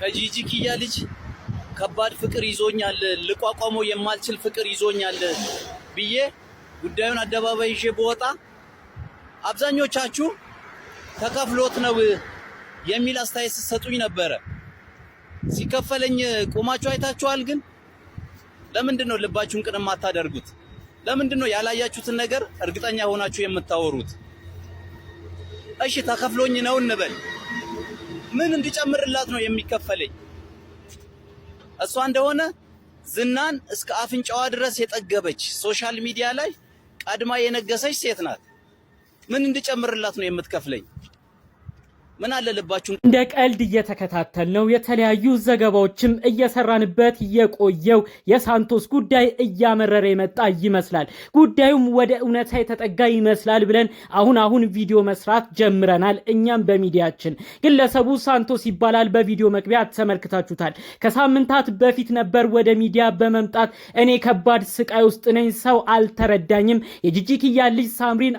ከጂጂ ኪያ ልጅ ከባድ ፍቅር ይዞኛል፣ ልቋቋመው የማልችል ፍቅር ይዞኛል ብዬ ጉዳዩን አደባባይ ይዤ በወጣ አብዛኞቻችሁ ተከፍሎት ነው የሚል አስተያየት ስትሰጡኝ ነበረ። ሲከፈለኝ ቆማችሁ አይታችኋል? ግን ለምንድን ነው ልባችሁን ቅን የማታደርጉት? ለምንድን ነው ያላያችሁትን ነገር እርግጠኛ ሆናችሁ የምታወሩት? እሺ ተከፍሎኝ ነው እንበል። ምን እንዲጨምርላት ነው የሚከፈለኝ? እሷ እንደሆነ ዝናን እስከ አፍንጫዋ ድረስ የጠገበች ሶሻል ሚዲያ ላይ ቀድማ የነገሰች ሴት ናት። ምን እንዲጨምርላት ነው የምትከፍለኝ? ምን አለ ልባችሁ እንደ ቀልድ እየተከታተል ነው። የተለያዩ ዘገባዎችም እየሰራንበት የቆየው የሳንቶስ ጉዳይ እያመረረ የመጣ ይመስላል። ጉዳዩም ወደ እውነታ የተጠጋ ይመስላል ብለን አሁን አሁን ቪዲዮ መስራት ጀምረናል። እኛም በሚዲያችን ግለሰቡ ሳንቶስ ይባላል። በቪዲዮ መግቢያ ተመልክታችሁታል። ከሳምንታት በፊት ነበር ወደ ሚዲያ በመምጣት እኔ ከባድ ስቃይ ውስጥ ነኝ፣ ሰው አልተረዳኝም፣ የጂጂኪያ ልጅ ሳምሪን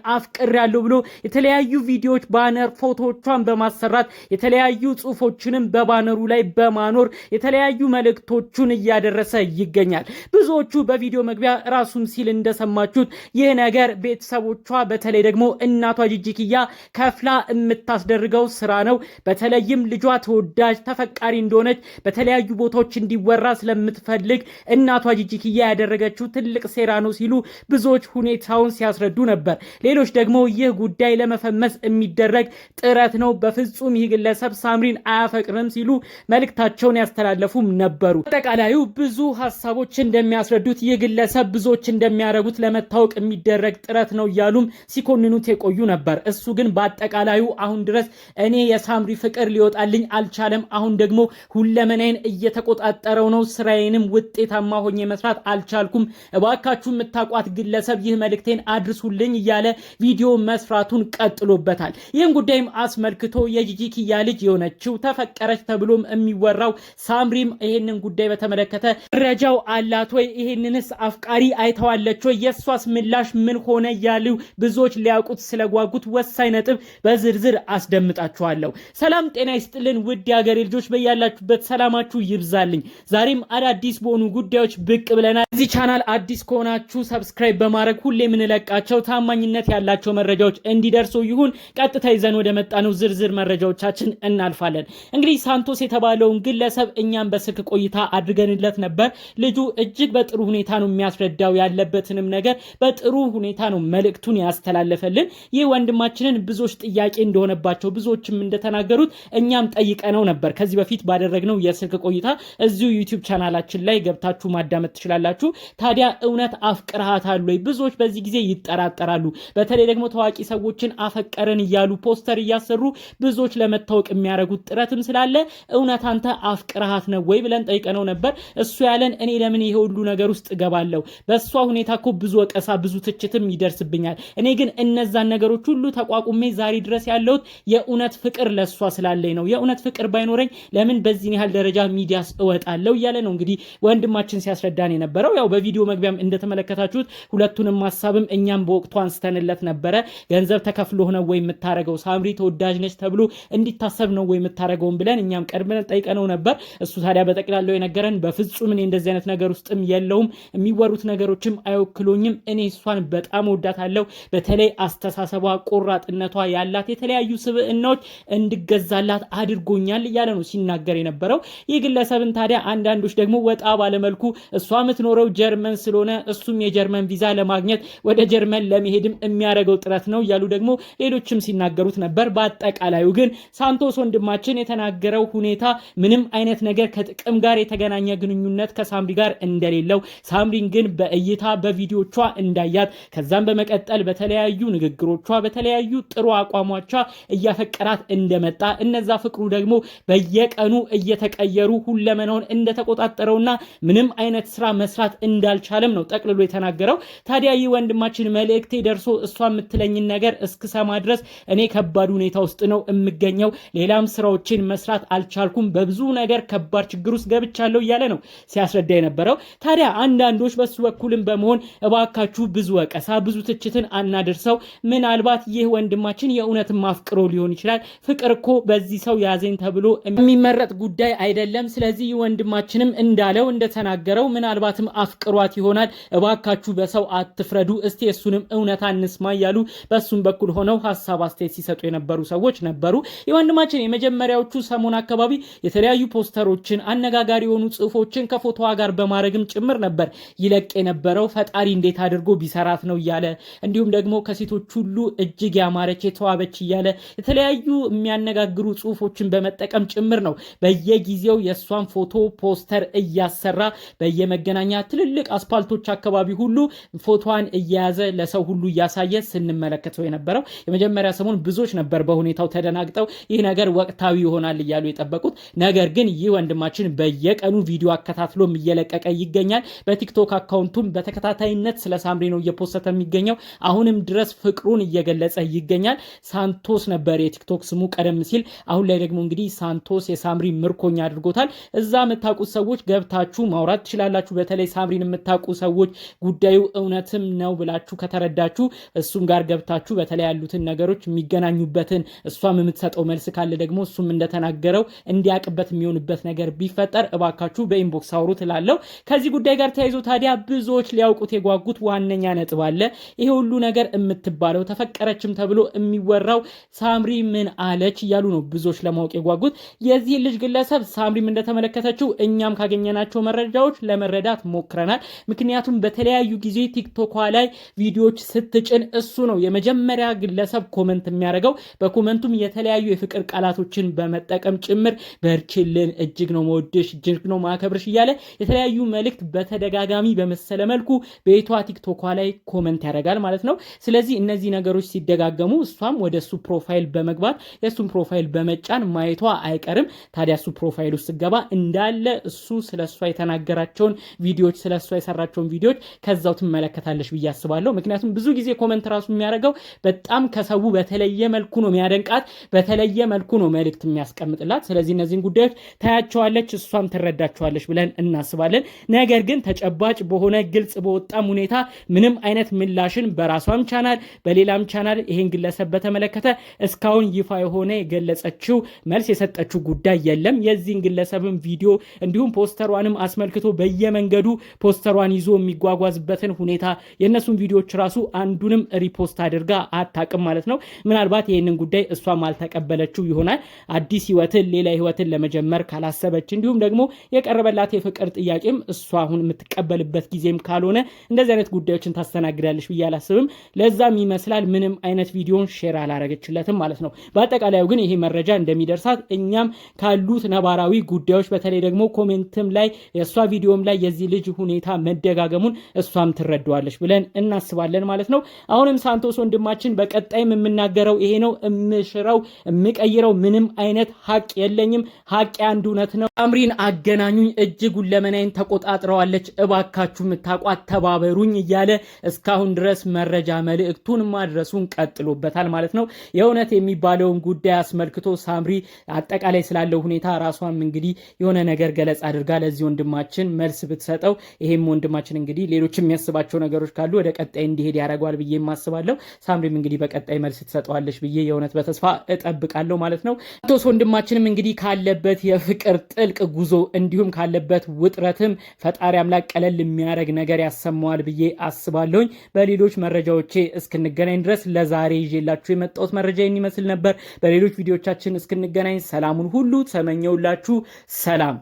ያለው ብሎ የተለያዩ ቪዲዮዎች፣ ባነር ፎቶዎቿን በማ በማሰራት የተለያዩ ጽሁፎችንም በባነሩ ላይ በማኖር የተለያዩ መልእክቶቹን እያደረሰ ይገኛል። ብዙዎቹ በቪዲዮ መግቢያ ራሱም ሲል እንደሰማችሁት ይህ ነገር ቤተሰቦቿ በተለይ ደግሞ እናቷ ጂጂኪያ ከፍላ የምታስደርገው ስራ ነው። በተለይም ልጇ ተወዳጅ ተፈቃሪ እንደሆነች በተለያዩ ቦታዎች እንዲወራ ስለምትፈልግ እናቷ ጂጂኪያ ያደረገችው ትልቅ ሴራ ነው ሲሉ ብዙዎች ሁኔታውን ሲያስረዱ ነበር። ሌሎች ደግሞ ይህ ጉዳይ ለመፈመስ የሚደረግ ጥረት ነው በፍጹም ይህ ግለሰብ ሳምሪን አያፈቅርም ሲሉ መልእክታቸውን ያስተላለፉም ነበሩ። አጠቃላዩ ብዙ ሀሳቦች እንደሚያስረዱት ይህ ግለሰብ ብዙዎች እንደሚያደርጉት ለመታወቅ የሚደረግ ጥረት ነው እያሉም ሲኮንኑት የቆዩ ነበር። እሱ ግን በአጠቃላዩ አሁን ድረስ እኔ የሳምሪ ፍቅር ሊወጣልኝ አልቻለም፣ አሁን ደግሞ ሁለመናይን እየተቆጣጠረው ነው፣ ስራዬንም ውጤታማ ሆኜ መስራት አልቻልኩም፣ እባካችሁ የምታውቋት ግለሰብ ይህ መልእክቴን አድርሱልኝ እያለ ቪዲዮ መስራቱን ቀጥሎበታል። ይህን ጉዳይም አስመልክቶ የጂጂ ልጅ የሆነችው ተፈቀረች ተብሎም የሚወራው ሳምሪም ይህንን ጉዳይ በተመለከተ መረጃው አላት ወይ? ይህንንስ አፍቃሪ አይተዋለች ወይ? የእሷስ ምላሽ ምን ሆነ? ያሉ ብዙዎች ሊያውቁት ስለጓጉት ወሳኝ ነጥብ በዝርዝር አስደምጣችኋለሁ። ሰላም ጤና ይስጥልን ውድ የሀገሬ ልጆች በያላችሁበት ሰላማችሁ ይብዛልኝ። ዛሬም አዳዲስ በሆኑ ጉዳዮች ብቅ ብለናል። እዚህ ቻናል አዲስ ከሆናችሁ ሰብስክራይብ በማድረግ ሁሌ የምንለቃቸው ታማኝነት ያላቸው መረጃዎች እንዲደርሱ ይሁን። ቀጥታ ይዘን ወደ መጣ ነው ዝርዝር መረጃዎቻችን እናልፋለን። እንግዲህ ሳንቶስ የተባለውን ግለሰብ እኛም በስልክ ቆይታ አድርገንለት ነበር። ልጁ እጅግ በጥሩ ሁኔታ ነው የሚያስረዳው፣ ያለበትንም ነገር በጥሩ ሁኔታ ነው መልእክቱን ያስተላለፈልን። ይህ ወንድማችንን ብዙዎች ጥያቄ እንደሆነባቸው ብዙዎችም እንደተናገሩት እኛም ጠይቀነው ነበር። ከዚህ በፊት ባደረግነው የስልክ ቆይታ እዚሁ ዩቲዩብ ቻናላችን ላይ ገብታችሁ ማዳመጥ ትችላላችሁ። ታዲያ እውነት አፍቅርሃት አሉ ወይ? ብዙዎች በዚህ ጊዜ ይጠራጠራሉ። በተለይ ደግሞ ታዋቂ ሰዎችን አፈቀረን እያሉ ፖስተር እያሰሩ ብዙዎች ለመታወቅ የሚያደርጉት ጥረትም ስላለ እውነት አንተ አፍቅርሃት ነው ወይ ብለን ጠይቀነው ነበር። እሱ ያለን እኔ ለምን ይሄ ሁሉ ነገር ውስጥ እገባለሁ? በእሷ ሁኔታ እኮ ብዙ ወቀሳ፣ ብዙ ትችትም ይደርስብኛል። እኔ ግን እነዛን ነገሮች ሁሉ ተቋቁሜ ዛሬ ድረስ ያለሁት የእውነት ፍቅር ለእሷ ስላለኝ ነው። የእውነት ፍቅር ባይኖረኝ ለምን በዚህን ያህል ደረጃ ሚዲያስ እወጣለሁ? እያለ ነው እንግዲህ ወንድማችን ሲያስረዳን የነበረው። ያው በቪዲዮ መግቢያም እንደተመለከታችሁት ሁለቱንም ሀሳብም እኛም በወቅቱ አንስተንለት ነበረ። ገንዘብ ተከፍሎ ነው ወይ የምታደርገው? ሳምሪ ተወዳጅ ነች ተብሎ ተብሎ እንዲታሰብ ነው ወይ የምታደርገውን ብለን እኛም ቀድመን ጠይቀነው ነበር። እሱ ታዲያ በጠቅላላው የነገረን በፍጹም እኔ እንደዚህ አይነት ነገር ውስጥም የለውም፣ የሚወሩት ነገሮችም አይወክሎኝም እኔ እሷን በጣም ወዳታለሁ። በተለይ አስተሳሰቧ፣ ቆራጥነቷ ያላት የተለያዩ ስብዕናዎች እንድገዛላት አድርጎኛል እያለ ነው ሲናገር የነበረው ይህ ግለሰብን። ታዲያ አንዳንዶች ደግሞ ወጣ ባለመልኩ እሷ የምትኖረው ጀርመን ስለሆነ እሱም የጀርመን ቪዛ ለማግኘት ወደ ጀርመን ለመሄድም የሚያደርገው ጥረት ነው እያሉ ደግሞ ሌሎችም ሲናገሩት ነበር። በአጠቃላዩ ጉዳዩ ግን ሳንቶስ ወንድማችን የተናገረው ሁኔታ ምንም አይነት ነገር ከጥቅም ጋር የተገናኘ ግንኙነት ከሳምሪ ጋር እንደሌለው፣ ሳምሪን ግን በእይታ በቪዲዮቿ እንዳያት ከዛም በመቀጠል በተለያዩ ንግግሮቿ በተለያዩ ጥሩ አቋሟቿ እያፈቀራት እንደመጣ እነዛ ፍቅሩ ደግሞ በየቀኑ እየተቀየሩ ሁለመናውን እንደተቆጣጠረውና ምንም አይነት ስራ መስራት እንዳልቻለም ነው ጠቅልሎ የተናገረው። ታዲያ ይህ ወንድማችን መልእክቴ ደርሶ እሷ የምትለኝን ነገር እስክሰማ ድረስ እኔ ከባድ ሁኔታ ውስጥ ነው የምገኘው፣ ሌላም ስራዎችን መስራት አልቻልኩም፣ በብዙ ነገር ከባድ ችግር ውስጥ ገብቻለሁ እያለ ነው ሲያስረዳ የነበረው። ታዲያ አንዳንዶች በሱ በኩልም በመሆን እባካችሁ ብዙ ወቀሳ፣ ብዙ ትችትን አናደርሰው። ምናልባት ይህ ወንድማችን የእውነት ማፍቅሮ ሊሆን ይችላል። ፍቅር እኮ በዚህ ሰው ያዘኝ ተብሎ የሚመረጥ ጉዳይ አይደለም። ስለዚህ ወንድማችንም እንዳለው እንደተናገረው ምናልባትም አፍቅሯት ይሆናል። እባካችሁ በሰው አትፍረዱ፣ እስቲ እሱንም እውነት አንስማ እያሉ በሱም በኩል ሆነው ሀሳብ አስተያየት ሲሰጡ የነበሩ ሰዎች ነበር። ነበሩ። የወንድማችን የመጀመሪያዎቹ ሰሞን አካባቢ የተለያዩ ፖስተሮችን፣ አነጋጋሪ የሆኑ ጽሁፎችን ከፎቶዋ ጋር በማድረግም ጭምር ነበር ይለቅ የነበረው ፈጣሪ እንዴት አድርጎ ቢሰራት ነው እያለ እንዲሁም ደግሞ ከሴቶች ሁሉ እጅግ ያማረች የተዋበች እያለ የተለያዩ የሚያነጋግሩ ጽሁፎችን በመጠቀም ጭምር ነው በየጊዜው የእሷን ፎቶ ፖስተር እያሰራ በየመገናኛ ትልልቅ አስፓልቶች አካባቢ ሁሉ ፎቶዋን እየያዘ ለሰው ሁሉ እያሳየ ስንመለከተው የነበረው የመጀመሪያ ሰሞን ብዙዎች ነበር በሁኔታው ተደ ተደናግጠው ይህ ነገር ወቅታዊ ይሆናል እያሉ የጠበቁት ነገር ግን ይህ ወንድማችን በየቀኑ ቪዲዮ አከታትሎም እየለቀቀ ይገኛል። በቲክቶክ አካውንቱም በተከታታይነት ስለ ሳምሪ ነው እየፖሰተ የሚገኘው። አሁንም ድረስ ፍቅሩን እየገለጸ ይገኛል። ሳንቶስ ነበር የቲክቶክ ስሙ ቀደም ሲል። አሁን ላይ ደግሞ እንግዲህ ሳንቶስ የሳምሪ ምርኮኛ አድርጎታል። እዛ የምታውቁት ሰዎች ገብታችሁ ማውራት ትችላላችሁ። በተለይ ሳምሪን የምታውቁ ሰዎች ጉዳዩ እውነትም ነው ብላችሁ ከተረዳችሁ እሱም ጋር ገብታችሁ በተለይ ያሉትን ነገሮች የሚገናኙበትን እሷም ተቋም የምትሰጠው መልስ ካለ ደግሞ እሱም እንደተናገረው እንዲያቅበት የሚሆንበት ነገር ቢፈጠር እባካችሁ በኢንቦክስ አውሩ ትላለው። ከዚህ ጉዳይ ጋር ተያይዞ ታዲያ ብዙዎች ሊያውቁት የጓጉት ዋነኛ ነጥብ አለ። ይሄ ሁሉ ነገር የምትባለው ተፈቀረችም ተብሎ የሚወራው ሳምሪ ምን አለች እያሉ ነው ብዙዎች ለማወቅ የጓጉት። የዚህ ልጅ ግለሰብ ሳምሪም እንደተመለከተችው እኛም ካገኘናቸው መረጃዎች ለመረዳት ሞክረናል። ምክንያቱም በተለያዩ ጊዜ ቲክቶኳ ላይ ቪዲዮዎች ስትጭን እሱ ነው የመጀመሪያ ግለሰብ ኮመንት የሚያደርገው በኮመንቱም የተለያዩ የፍቅር ቃላቶችን በመጠቀም ጭምር በርችልን፣ እጅግ ነው መወድሽ፣ እጅግ ነው ማከብርሽ እያለ የተለያዩ መልእክት በተደጋጋሚ በመሰለ መልኩ በየቷ ቲክቶኳ ላይ ኮመንት ያደርጋል ማለት ነው። ስለዚህ እነዚህ ነገሮች ሲደጋገሙ እሷም ወደ እሱ ፕሮፋይል በመግባት የእሱን ፕሮፋይል በመጫን ማየቷ አይቀርም። ታዲያ እሱ ፕሮፋይል ውስጥ ስገባ እንዳለ እሱ ስለ እሷ የተናገራቸውን ቪዲዮዎች፣ ስለ እሷ የሰራቸውን ቪዲዮዎች ከዛው ትመለከታለች ብዬ አስባለሁ። ምክንያቱም ብዙ ጊዜ ኮመንት ራሱ የሚያደርገው በጣም ከሰው በተለየ መልኩ ነው የሚያደንቃት፣ በተለየ መልኩ ነው መልእክት የሚያስቀምጥላት። ስለዚህ እነዚህን ጉዳዮች ታያቸዋለች፣ እሷም ትረዳቸዋለች ብለን እናስባለን። ነገር ግን ተጨባጭ በሆነ ግልጽ በወጣም ሁኔታ ምንም አይነት ምላሽን በራሷም ቻናል በሌላም ቻናል ይሄን ግለሰብ በተመለከተ እስካሁን ይፋ የሆነ የገለጸችው መልስ የሰጠችው ጉዳይ የለም። የዚህን ግለሰብን ቪዲዮ እንዲሁም ፖስተሯንም አስመልክቶ በየመንገዱ ፖስተሯን ይዞ የሚጓጓዝበትን ሁኔታ የእነሱን ቪዲዮዎች ራሱ አንዱንም ሪፖስት አድርጋ አታውቅም ማለት ነው። ምናልባት ይህንን ጉዳይ እሷ አልተቀበለችው ይሆናል። አዲስ ህይወትን፣ ሌላ ህይወትን ለመጀመር ካላሰበች እንዲሁም ደግሞ የቀረበላት የፍቅር ጥያቄም እሷ አሁን የምትቀበልበት ጊዜም ካልሆነ እንደዚህ አይነት ጉዳዮችን ታስተናግዳለች ብዬ አላስብም። ለዛም ይመስላል ምንም አይነት ቪዲዮን ሼር አላረገችለትም ማለት ነው። በአጠቃላዩ ግን ይሄ መረጃ እንደሚደርሳት እኛም ካሉት ነባራዊ ጉዳዮች በተለይ ደግሞ ኮሜንትም ላይ የእሷ ቪዲዮም ላይ የዚህ ልጅ ሁኔታ መደጋገሙን እሷም ትረዳዋለች ብለን እናስባለን ማለት ነው። አሁንም ሳንቶስ ወንድማችን በቀጣይም የምናገረው ይሄ ነው እምሽረው የምቀይረው የምቀይረው ምንም አይነት ሀቅ የለኝም። ሀቅ አንድ እውነት ነው። አምሪን አገናኙኝ፣ እጅጉን ለመናይን ተቆጣጥረዋለች፣ እባካችሁ የምታቋት ተባበሩኝ እያለ እስካሁን ድረስ መረጃ መልእክቱን ማድረሱን ቀጥሎበታል ማለት ነው። የእውነት የሚባለውን ጉዳይ አስመልክቶ ሳምሪ አጠቃላይ ስላለው ሁኔታ ራሷም እንግዲህ የሆነ ነገር ገለጽ አድርጋ ለዚህ ወንድማችን መልስ ብትሰጠው ይሄም ወንድማችን እንግዲህ ሌሎች የሚያስባቸው ነገሮች ካሉ ወደ ቀጣይ እንዲሄድ ያደርገዋል ብዬ ማስባለሁ። ሳምሪም እንግዲህ በቀጣይ መልስ ትሰጠዋለች ብዬ የእውነት በተስፋ እጠብቃለሁ ማለት ነው። ቶስ ወንድማችንም እንግዲህ ካለበት የፍቅር ጥልቅ ጉዞ እንዲሁም ካለበት ውጥረትም ፈጣሪ አምላክ ቀለል የሚያደርግ ነገር ያሰማዋል ብዬ አስባለሁኝ። በሌሎች መረጃዎቼ እስክንገናኝ ድረስ ለዛሬ ይዤላችሁ የመጣሁት መረጃ ይመስል ነበር። በሌሎች ቪዲዮቻችን እስክንገናኝ ሰላሙን ሁሉ ተመኘውላችሁ። ሰላም